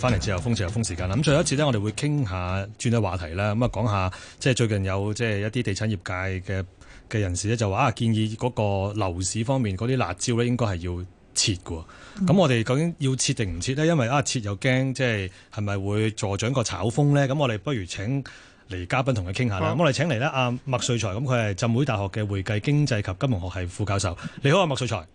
翻嚟自由風，自由風時間啦。咁最後一次咧，我哋會傾下轉咗話題啦。咁啊，講下即係最近有即係一啲地產業界嘅嘅人士咧，就話啊，建議嗰個樓市方面嗰啲辣招咧，應該係要撤嘅。咁、嗯、我哋究竟要撤定唔撤咧？因為啊，撤又驚，即係係咪會助長個炒風咧？咁我哋不如請嚟嘉賓同佢傾下啦。嗯、我哋請嚟咧，阿麥萃才。咁佢係浸會大學嘅會計、經濟及金融學系副教授。你好啊，麥萃才。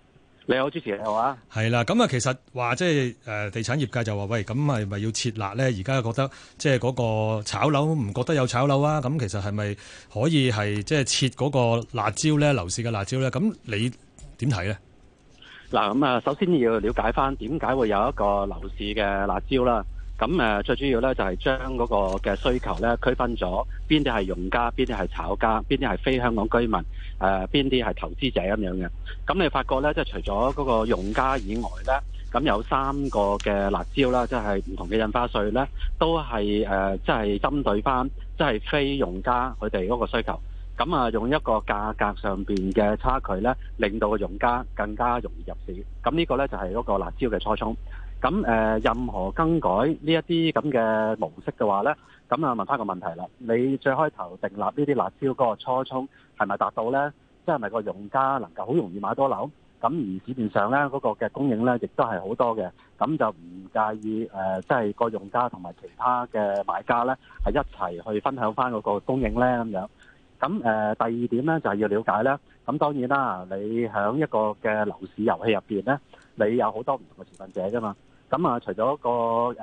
你好，主持人你好，啊，係啦，咁啊，其實話即係誒，地產業界就話喂，咁係咪要撤辣咧？而家覺得即係嗰個炒樓唔覺得有炒樓啊？咁其實係咪可以係即係撤嗰個辣招咧？樓市嘅辣招咧？咁你點睇咧？嗱，咁啊，首先要了解翻點解會有一個樓市嘅辣招啦。咁誒最主要咧就係將嗰個嘅需求咧區分咗，邊啲係用家，邊啲係炒家，邊啲係非香港居民，誒邊啲係投資者咁樣嘅。咁你發覺咧，即係除咗嗰個用家以外咧，咁有三個嘅辣招啦，即係唔同嘅印花稅咧，都係誒，即係針對翻，即係非用家佢哋嗰個需求。咁啊，用一個價格上邊嘅差距咧，令到個用家更加容易入市。咁呢個咧就係嗰個辣招嘅初衷。咁誒，任何更改呢一啲咁嘅模式嘅話咧，咁啊問翻一個問題啦，你最開頭訂立呢啲辣招嗰個初衷係咪達到咧？即係咪個用家能夠好容易買到樓？咁而市面上咧嗰個嘅供應咧，亦都係好多嘅，咁就唔介意誒，即係個用家同埋其他嘅買家咧，係一齊去分享翻嗰個供應咧咁樣。咁誒，第二點咧就係要了解咧。咁當然啦，你喺一個嘅樓市遊戲入邊咧，你有好多唔同嘅持份者㗎嘛。咁啊，除咗個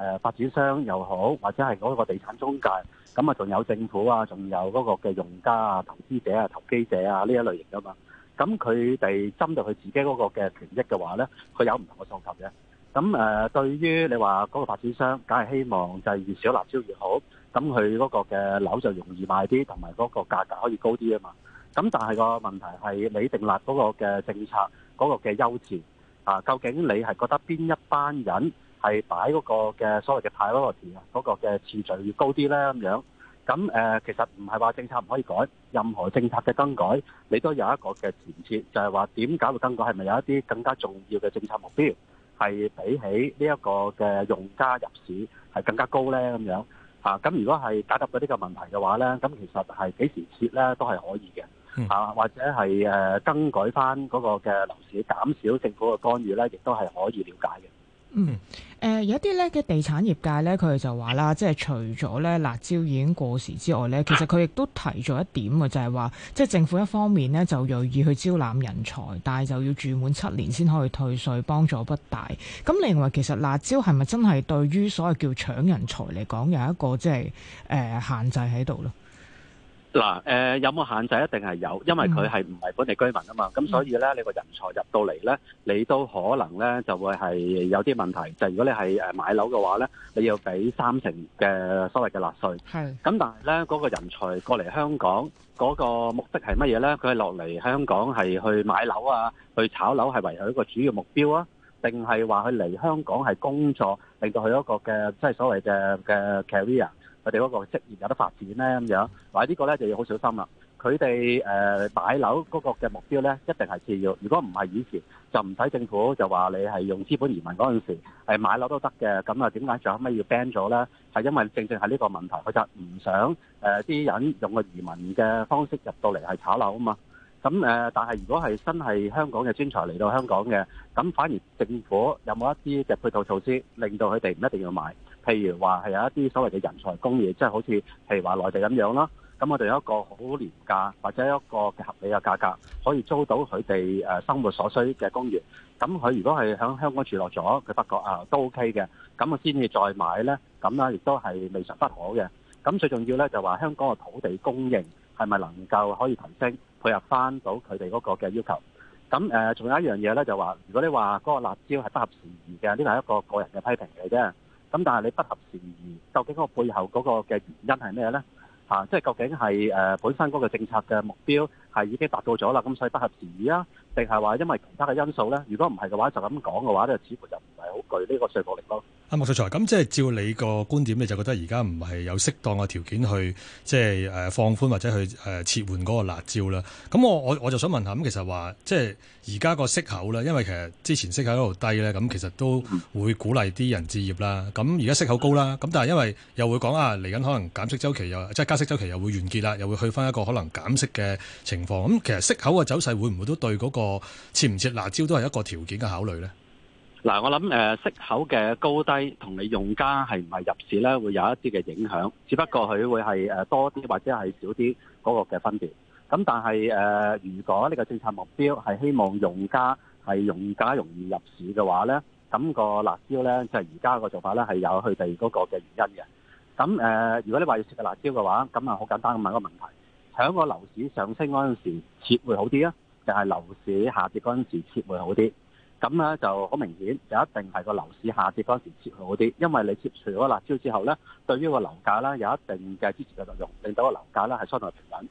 誒發展商又好，或者係嗰個地產中介，咁啊，仲有政府啊，仲有嗰個嘅用家啊、投資者啊、投機者啊呢一類型啊嘛。咁佢哋針對佢自己嗰個嘅權益嘅話咧，佢有唔同嘅訴求嘅。咁誒，對於你話嗰個發展商，梗係希望就係越少辣招越好。咁佢嗰個嘅樓就容易賣啲，同埋嗰個價格可以高啲啊嘛。咁但係個問題係你定立嗰個嘅政策嗰個嘅優置。啊，究竟你係覺得邊一班人係擺嗰個嘅所謂嘅 priority 啊，嗰個嘅次序要高啲咧咁樣？咁誒，其實唔係話政策唔可以改，任何政策嘅更改，你都有一個嘅前設，就係話點解會更改係咪有一啲更加重要嘅政策目標係比起呢一個嘅用家入市係更加高咧咁樣？啊，咁如果係解答咗呢個問題嘅話咧，咁其實係幾時設咧都係可以嘅。啊，或者係誒更改翻嗰個嘅樓市，減少政府嘅干預咧，亦都係可以了解嘅。嗯，誒、呃，有一啲咧嘅地產業界咧，佢哋就話啦，即係除咗咧辣招已經過時之外咧，其實佢亦都提咗一點啊，就係話，即係政府一方面咧就銳意去招攬人才，但係就要住滿七年先可以退稅，幫助不大。咁你認為其實辣招係咪真係對於所謂叫搶人才嚟講，有一個即係誒限制喺度咯？嗱，誒有冇限制一定係有，因為佢係唔係本地居民啊嘛，咁所以咧你個人才入到嚟咧，你都可能咧就會係有啲問題。就如果你係誒買樓嘅話咧，你要俾三成嘅所謂嘅納稅。係。咁但係咧嗰個人才過嚟香港嗰個目的係乜嘢咧？佢係落嚟香港係去買樓啊，去炒樓係為佢一個主要目標啊？定係話佢嚟香港係工作，令到佢一個嘅即係所謂嘅嘅 career？佢哋嗰個職業有得發展咧咁樣，或者呢個咧就要好小心啦。佢哋誒買樓嗰個嘅目標咧，一定係次要。如果唔係以前就唔使政府就話你係用資本移民嗰陣時係買樓都得嘅。咁啊點解最後尾要 ban 咗咧？係因為正正係呢個問題，佢就唔想誒啲、呃、人用個移民嘅方式入到嚟係炒樓啊嘛。咁誒、呃，但係如果係真係香港嘅專才嚟到香港嘅，咁反而政府有冇一啲嘅配套措施，令到佢哋唔一定要買？譬如話係有一啲所謂嘅人才公寓，即係好似譬如話內地咁樣啦。咁我哋有一個好廉價或者一個合理嘅價格，可以租到佢哋誒生活所需嘅公寓。咁佢如果係喺香港住落咗，佢發覺啊都 OK 嘅。咁佢，先至再買咧，咁啦，亦都係未嘗不可嘅。咁最重要咧就話香港嘅土地供應係咪能夠可以提升配合翻到佢哋嗰個嘅要求？咁誒，仲有一樣嘢咧就話，如果你話嗰個辣招係不合時宜嘅，呢個係一個個人嘅批評嘅啫。咁但係你不合時宜，究竟嗰個背後嗰個嘅原因係咩咧？嚇、啊，即係究竟係誒、呃、本身嗰個政策嘅目標係已經達到咗啦，咁所以不合時宜啊？定係話因為其他嘅因素咧？如果唔係嘅話，就咁講嘅話咧，似乎就唔係好具呢個説服力咯。啊，麥萃才，咁、啊嗯、即係照你個觀點，你就覺得而家唔係有適當嘅條件去即係誒、呃、放寬或者去誒、呃、撤換嗰個辣招啦。咁、嗯、我我我就想問下，咁其實話即係而家個息口咧，因為其實之前息口喺度低咧，咁、嗯、其實都會鼓勵啲人置業啦。咁而家息口高啦，咁、嗯、但係因為又會講啊，嚟緊可能減息週期又即係加息週期又會完結啦，又會去返一個可能減息嘅情況。咁、嗯、其實息口嘅走勢會唔會都對嗰、那個撤唔撤辣招都係一個條件嘅考慮咧？嗱，我諗誒息口嘅高低同你用家係唔係入市咧，會有一啲嘅影響。只不過佢會係誒多啲或者係少啲嗰個嘅分別。咁但係誒、呃，如果呢個政策目標係希望用家係用家容易入市嘅話咧，咁個辣招咧就係而家個做法咧係有佢哋嗰個嘅原因嘅。咁誒、呃，如果你話要切個辣招嘅話，咁啊好簡單咁問一個問題：響個樓市上升嗰陣時切會好啲啊，定係樓市下跌嗰陣時切會好啲？咁咧就好明顯，就一定係個樓市下跌嗰時撤好啲，因為你撤除咗辣招之後咧，對於個樓價咧有一定嘅支持嘅作用，令到個樓價咧係相對平穩。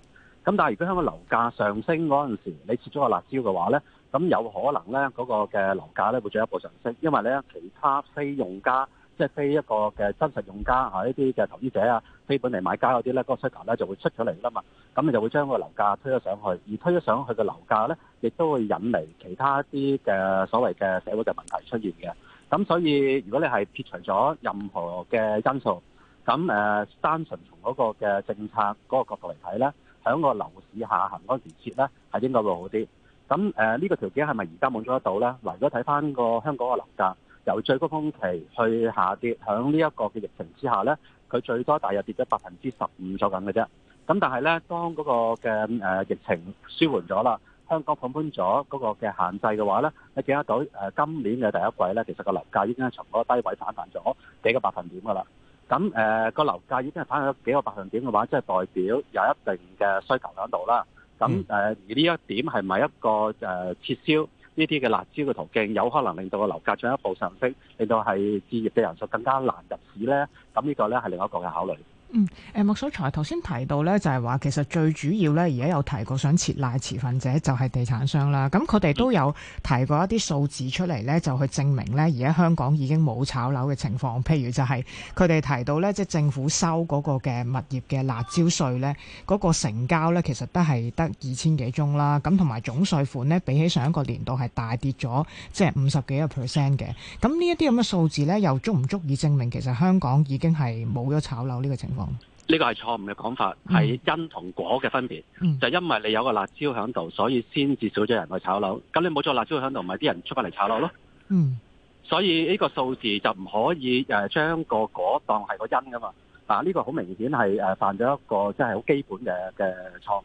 咁但係如果香港樓價上升嗰陣時，你撤咗個辣招嘅話咧，咁有可能咧嗰個嘅樓價咧會進一步上升，因為咧其他非用家。即係非一個嘅真實用家啊，呢啲嘅投資者啊，非本地買家嗰啲咧，嗰個需求咧就會出咗嚟啦嘛，咁你就會將個樓價推咗上去，而推咗上去嘅樓價咧，亦都會引嚟其他啲嘅所謂嘅社會嘅問題出現嘅。咁所以如果你係撇除咗任何嘅因素，咁誒，單純從嗰個嘅政策嗰個角度嚟睇咧，喺個樓市下行嗰時設咧，係應該會好啲。咁誒，呢個條件係咪而家滿足得到咧？嗱，如果睇翻個香港嘅樓價。由最高峯期去下跌，喺呢一個嘅疫情之下咧，佢最多大約跌咗百分之十五左右嘅啫。咁但係咧，當嗰個嘅誒疫情舒緩咗啦，香港放寬咗嗰個嘅限制嘅話咧，你見得到誒今年嘅第一季咧，其實個樓價已經係從嗰個低位反彈咗幾個百分點噶啦。咁誒個樓價已經係反彈咗幾個百分點嘅話，即係代表有一定嘅需求響度啦。咁誒而呢一點係咪一個誒撤銷？呢啲嘅辣招嘅途徑有可能令到個樓價進一步上升，令到係置業嘅人士更加難入市咧。咁呢個咧係另外一個嘅考慮。嗯，誒麥萃才頭先提到咧，就係話其實最主要咧，而家有提過想撤辣持份者就係地產商啦。咁佢哋都有提過一啲數字出嚟咧，就去證明咧，而家香港已經冇炒樓嘅情況，譬如就係佢哋提到咧，即係政府收嗰個嘅物業嘅辣招稅咧，嗰個成交咧其實都係得二千幾宗啦。咁同埋總稅款咧，比起上一個年度係大跌咗即係五十幾個 percent 嘅。咁呢一啲咁嘅數字咧，又足唔足以證明其實香港已經係冇咗炒樓呢個情況？呢個係錯誤嘅講法，係因同果嘅分別，就因為你有個辣招喺度，所以先至少咗人去炒樓。咁你冇咗辣招喺度，咪啲人出翻嚟炒樓咯。嗯，所以呢個數字就唔可以誒將個果當係個因噶嘛。啊，呢個好明顯係誒犯咗一個即係好基本嘅嘅錯誤。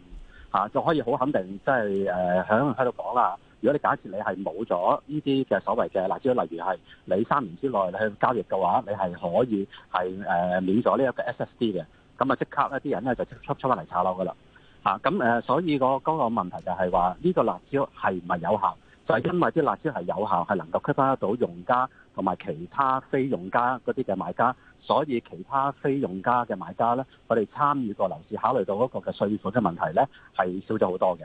吓，就可以好肯定，即係誒響喺度講啦。呃如果你假設你係冇咗呢啲嘅所謂嘅辣招，例如係你三年之內去交易嘅話，你係可以係誒免咗呢一個 S S D 嘅，咁啊即刻咧啲人咧就即出出翻嚟炒樓噶啦嚇，咁、啊、誒所以嗰個問題就係話呢個辣招係唔係有效？就係、是、因為啲辣招係有效，係能夠吸引得到用家同埋其他非用家嗰啲嘅買家，所以其他非用家嘅買家咧，佢哋參與過樓市考慮到嗰個嘅稅款嘅問題咧，係少咗好多嘅。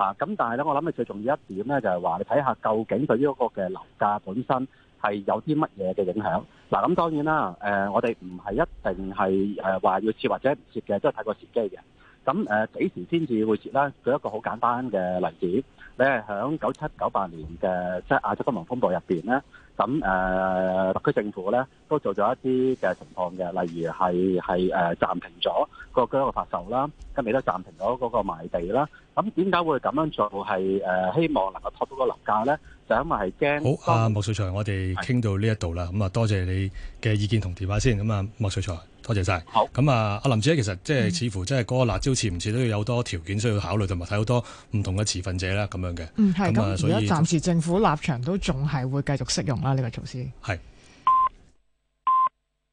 啊，咁但係咧，我諗你最重要一點咧，就係、是、話你睇下究竟對於嗰個嘅樓價本身係有啲乜嘢嘅影響。嗱、啊，咁當然啦，誒、呃，我哋唔係一定係誒話要撤或者唔撤嘅，都係睇個時機嘅。咁誒，幾、呃、時先至會撤咧？舉一個好簡單嘅例子。咧喺九七九八年嘅即係亞洲金融風暴入邊咧，咁誒特區政府咧都做咗一啲嘅情況嘅，例如係係誒暫停咗個居屋嘅發售啦，跟住都暫停咗嗰個賣地啦。咁點解會咁樣做？係誒，希望能夠拖到個樓價咧，就因為係驚。好，阿麥萃才，我哋傾到呢一度啦，咁啊，多謝你嘅意見同電話先，咁啊，麥萃才。多謝晒。好，咁啊，阿林姐，其實即係似乎即係嗰個辣招，似唔似都要有多條件需要考慮，同埋睇好多唔同嘅持份者啦咁樣嘅。嗯，係咁。而家暫時政府立場都仲係會繼續適用啦呢個措施。係。